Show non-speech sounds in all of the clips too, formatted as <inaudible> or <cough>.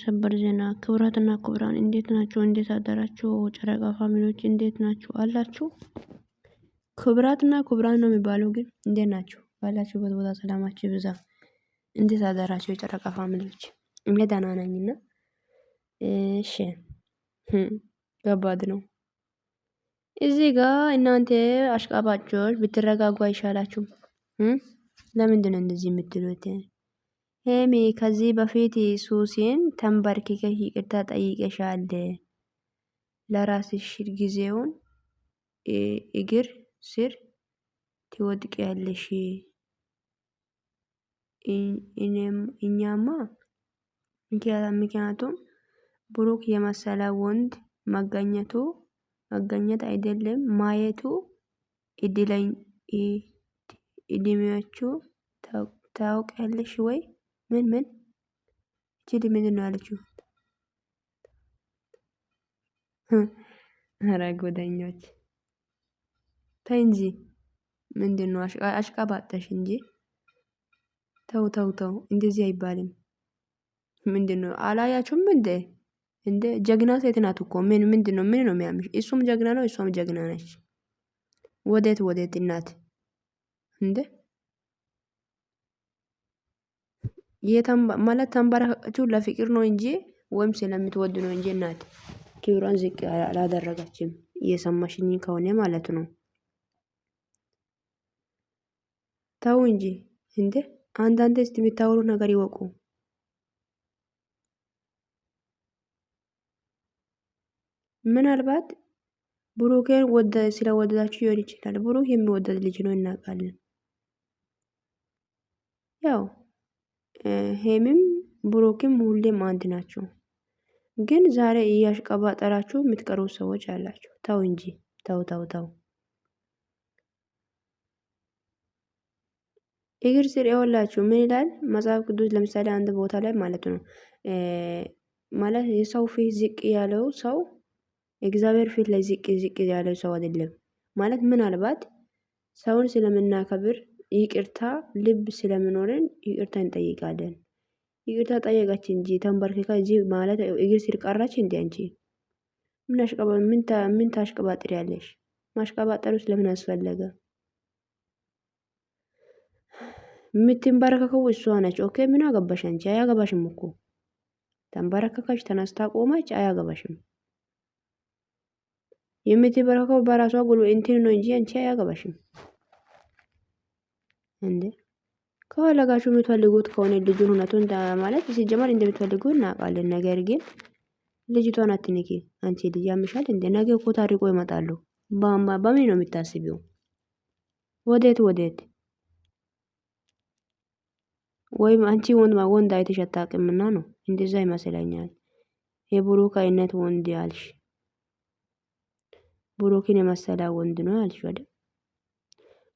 ሰበር ዜና ክቡራትና ክብራን እንዴት ናቸው? እንዴት አደራችሁ? ጨረቃ ፋሚሊዎች እንዴት ናችሁ? አላችሁ ክቡራትና ክብራን ነው የሚባለው ግን እንዴት ናችሁ? ባላችሁበት ቦታ ሰላማችሁ ይብዛ። እንዴት አደራችሁ? የጨረቃ ፋሚሊዎች እኔ ደህና ነኝና፣ እሺ ከባድ ነው እዚህ ጋ እናንተ አሽቃባጮች ብትረጋጓ አይሻላችሁም? ለምንድን ነው እንደዚህ የምትሉት? ሄሚ ከዚህ በፊት ሱሲን ተንበርክከሽ ይቅርታ ጠይቀሻል። ለራስሽ ጊዜውን እግር ስር ትወድቂያለሽ። እኛማ ምክንያቱም ብሩክ የመሰለ ወንድ መገኘቱ መገኘት አይደለም ማየቱ እድለኝ እድሜያችሁ ታውቃለሽ ወይ? ምን ምን ቺዲ ምንድን ነው ያለችው? <laughs> ኧረ ጉደኞች ተይ እንጂ ምንድን ነው አሽቃባጠሽ እንጂ ተው ተው ተው፣ እንደዚህ አይባልም። ምንድን ነው አላያችሁም እንዴ? እንደ ጀግና ሴት ናት እኮ ምን ምንድን ነው ምን ነው የሚያምሽ? እሱም ጀግና ነው፣ እሷም ጀግና ነች። ወዴት ወዴት እናት እንዴ ማለት ተንበረከከችው ለፍቅር ነው እንጂ ወይም ስለምትወድ ነው እንጂ እናት ክብሯን ዝቅ አላደረገችም። እየሰማሽኝ ከሆነ ማለት ነው። ተው እንጂ እንዴ! አንዳንዴ እስቲ የሚታወሩ ነገር ይወቁ። ምናልባት ብሩኬን ወደ ስለወደዳችሁ ይሆን ይችላል። ብሩክ የሚወደድ ልጅ ነው እናውቃለን። ያው ሄምም ብሩክም ሁሌም አንድ ናቸው። ግን ዛሬ እያሽቀባጠራችሁ የምትቀሩ ሰዎች አላችሁ። ተው እንጂ ተው ተው ተው። እግር ስር የወላችሁ ምን ይላል መጽሐፍ ቅዱስ? ለምሳሌ አንድ ቦታ ላይ ማለት ነው ማለት የሰው ፊት ዝቅ ያለው ሰው እግዚአብሔር ፊት ላይ ዝቅ ዝቅ ያለው ሰው አይደለም ማለት ምናልባት ሰውን ስለምናከብር ይቅርታ ልብ ስለምኖረን ይቅርታ እንጠይቃለን። ይቅርታ ጠየቀች እንጂ ተንበርክካ እዚህ ማለት እግር ስር ቀረች አንቺ? ምን ታሽቀባጥር ያለሽ? ማሽቀባጠሩ ማሽቀባጠሩስ ለምን አስፈለገ? የምትንበረከከው እሷ ነች። ኦኬ ምን አገባሽ አንቺ? አያገባሽም እኮ ተንበረከከች፣ ተነስታ ቆመች፣ አያገባሽም። የምትበረከከው በራሷ ጉል እንትን ነው እንጂ አንቺ አያገባሽም። እንዴ ከፈለጋችሁ የምትፈልጉት ከሆነ ልጁን እውነቱን ማለት ሲጀመር እንደምትፈልጉ እናውቃለን። ነገር ግን ልጅቷን አትንኪ። አንቺ ልጅ ያምሻል እንዴ? ነገ እኮ ታሪቆ ይመጣሉ። በምን ነው የምታስቢው? ወዴት ወዴት? ወይም አንቺ ወንድ አይተሽ አታውቅምና ነው እንደዛ ይመስለኛል። የብሩክ አይነት ወንድ ያልሽ ብሩክን የመሰለ ወንድ ነው ያልሽ አይደል?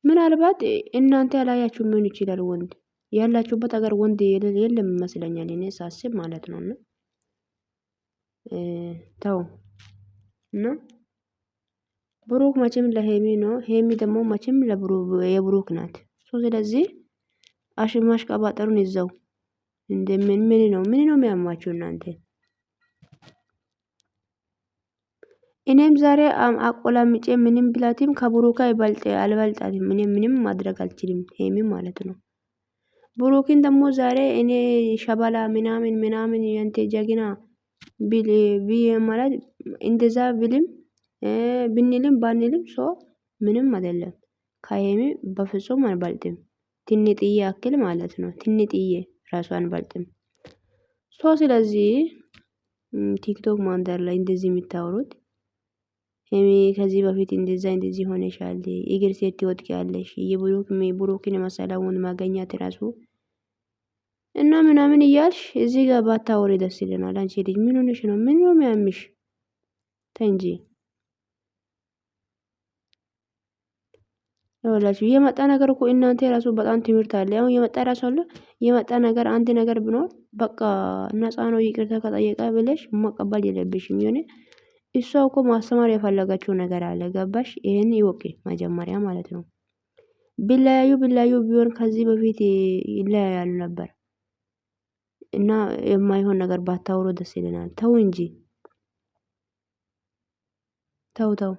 ምናልባት እናንተ ያላያችሁ ምን ይችላል ወንድ ያላችሁበት ሀገር ወንድ የለም ይመስለኛል እኔ ሳስብ ማለት ነው። እና ተው እና ብሩክ መቼም ለሄሚ ነው ሄሚ ደግሞ መቼም የብሩክ ናት። ስለዚህ አሽማሽ ቀባጠሩን ይዘው እንደምን ምን ነው ምን ነው የሚያማችሁ እናንተ እኔም ዛሬ አቆላምጬ ምንም ብላትም ከቡሩካ ይበልጥ አልበልጣትም። እኔ ምንም ማድረግ አልችልም። ሄሚ ማለት ነው። ቡሩኪን ደግሞ ዛሬ እኔ ሸበላ ምናምን ምናምን የንቴ ጀግና ብዬ ማለት እንደዛ ብልም ብንልም ባንልም ሶ ምንም አይደለም። ከሄሚ በፍጹም አልበልጥም። ትንጥዬ አክል ማለት ነው። ትንጥዬ ራሱ አንበልጥም። ሶ ስለዚህ ቲክቶክ ማንደር ላይ እንደዚህ የሚታወሩት ከዚህ በፊት እንደዛ እንደዚህ ሆነሻል፣ እግር ሴት ትወድቂያለሽ፣ የብሩክን የመሰለውን ማገኛት ራሱ እና ምናምን እያልሽ እዚህ ጋር ባታወሪ ደስ ይለናል። አንቺ ልጅ ምን ሆነሽ ነው? ምን ነው የሚያምሽ? ተንጂ ይወላችሁ የመጣ ነገር እኮ እናንተ ራሱ በጣም ትምህርት አለ። አሁን የመጣ ራሱ አለ የመጣ ነገር አንድ ነገር ብኖር በቃ ነፃ ነው ይቅርታ ከጠየቀ ብለሽ መቀበል የለብሽም የሆነ እሷ እኮ ማስተማር የፈለገችው ነገር አለ። ገባሽ? ይህን ይወቅ መጀመሪያ ማለት ነው። ቢለያዩ ቢለያዩ ቢሆን ከዚህ በፊት ይለያያሉ ነበር እና የማይሆን ነገር ባታውሮ ደስ ይለናል። ተው እንጂ ተው ተው፣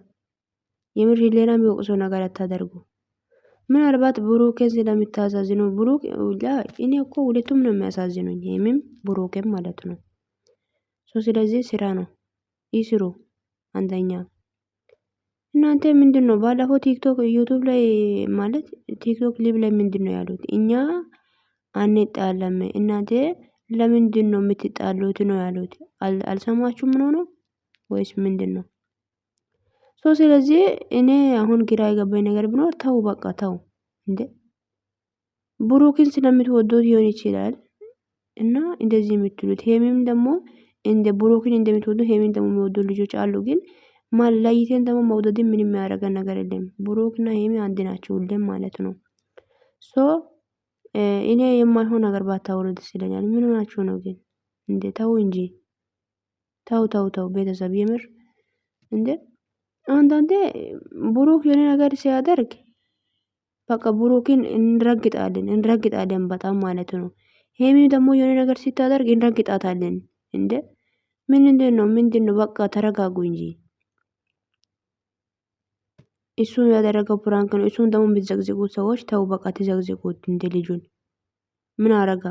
የምር ሌላ የሚወቅሰው ነገር አታደርጉ። ምናልባት ብሩኬን ስለሚታሳዝኑ ብሩክ እኔ እኮ ሁለቱም ነው የሚያሳዝኑኝ፣ ይህምም ብሩኬም ማለት ነው። ስለዚህ ስራ ነው ይስሩ። አንደኛ እናንተ ምንድነው ባለፈው ቲክቶክ ዩቲዩብ ላይ ማለት ቲክቶክ ሊብ ላይ ምንድነው ያሉት? እኛ አንጣለም እናንተ ለምንድነው የምትጣሉት ነው ያሉት። አልሰማችሁም? ምን ሆኖ ወይስ ምንድነው? ሶ ስለዚህ እኔ አሁን ግራ የገባኝ ነገር ቢኖር ተው በቃ ተው እንዴ ብሩክን ስለምትወዱት ሊሆን ይችላል። እና እንደዚህ የምትሉት ሄሚም ደግሞ እንደ ብሩክን እንደምትወዱ ሄሚን ደግሞ የሚወዱ ልጆች አሉ። ግን ለይቴን ደግሞ መውደድን ምን የሚያደርገ ነገር የለም። ብሩክና ሄሚ አንድ ናቸው ሁሌም ማለት ነው። ሶ እኔ የማይሆን ነገር ባታወሩ ደስ ይለኛል። ምን ሆናችሁ ነው ግን እንደ ተው እንጂ ተው ተው ተው ቤተሰብ የምር እንዴ! አንዳንዴ ብሩክ የሆነ ነገር ሲያደርግ በቃ ብሩክን እንረግጣለን እንረግጣለን በጣም ማለት ነው። ሄሚ ደግሞ የሆነ ነገር ሲታደርግ እንረግጣታለን እንዴ! ምንድን ነው ምንድን ነው? በቃ ተረጋጉ እንጂ እሱን ያደረገው ፕራንክ ነው። እሱን ደግሞ የምትዘግዝጉት ሰዎች ተው በቃ ተዘግዝጉት። እንደ ልጁን ምን አረጋ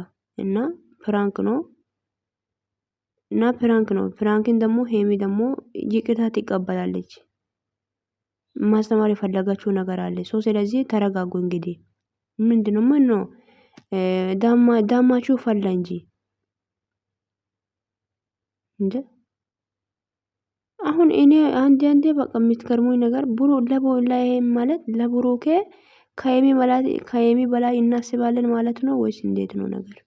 እና ፕራንክ ነው እና ፕራንክ ነው። ፕራንክን ደግሞ ሄሚ ደግሞ ይቅርታ ትቀበላለች። ማስተማር የፈለጋችሁ ነገር አለ ሰው። ስለዚህ ተረጋጉ እንግዲህ ምንድነው ምን ነው ዳማችሁ ፈላ እንጂ እንደ አሁን እኔ አንድ አንዴ በቃ የምትገርሙኝ ነገር ብሩ ለቦ ላይ ማለት ለብሩኬ ከየሚ ማለት ከየሚ በላይ እናስባለን ማለት ነው ወይስ እንዴት ነው ነገር?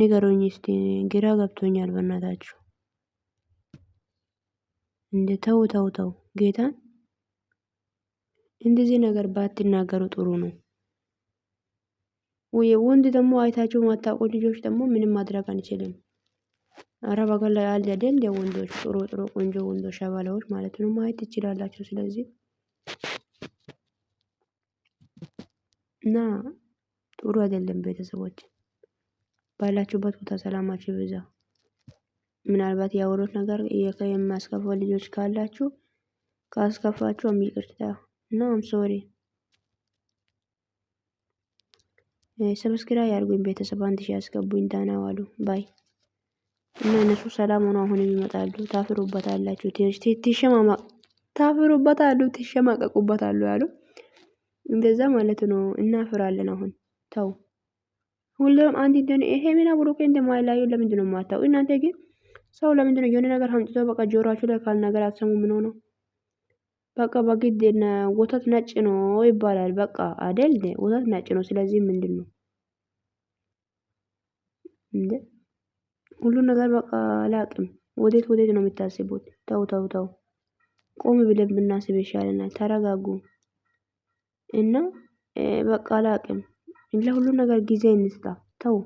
ንገሩኝ እስቲ ግራ ገብቶኛል። በእናታችሁ እንዴ ተው ተው ተው ጌታን እንደዚህ ነገር ባትናገሩ ጥሩ ነው። ወይ ወንድ ደግሞ አይታችሁ ማታውቁ ልጆች ደግሞ ምንም ማድረግ አንችልም። አረብ ሀገር ላይ አለ አይደል ወንዶች ጥሩ ጥሩ ቆንጆ ወንዶች ሸበላዎች ማለት ነው ማየት ትችላላችሁ። ስለዚህ እና ጥሩ አይደለም ቤተሰቦች ባላችሁበት ቦታ ሰላማችሁ ይብዛ። ምናልባት ያወሩት ነገር የሚያስከፋ ልጆች ካላችሁ ካስከፋችሁ ይቅርታ እና አም ሶሪ ሰብስክራይብ ያድርጉኝ ቤተሰብ አንድ ሺ ያስገቡኝ። ዳና ዋሉ ባይ እና እነሱ ሰላም ሆኖ አሁንም ይመጣሉ። ታፍሩበታላችሁ፣ ታፍሩበታሉ፣ ትሸማቀቁበታሉ ያሉ እንደዛ ማለት ነው። እናፍራለን። አሁን ተው ሁሉም አንድ እንደሆነ ይሄ ምን ብሩክ እንደማይላዩ ለምንድን ነው ማታው? እናንተ ግን ሰው ለምንድን ነው የሆነ ነገር አምጥቶ በቃ ጆሮአችሁ ላይ ካል ነገር አትሰሙ? ምን ሆነው በቃ በግድ ወተት ነጭ ነው ይባላል። በቃ አደል ወተት ነጭ ነው። ስለዚህ ምንድን ነው እንዴ ሁሉን ነገር በቃ አላቅም። ወዴት ወዴት ነው የምታስቡት? ተው ተው ተው፣ ቆም ብለን ብናስብ ይሻለናል። ተረጋጉ እና በቃ አላቅም። ለሁሉም ነገር ጊዜ እንስጣ። ተው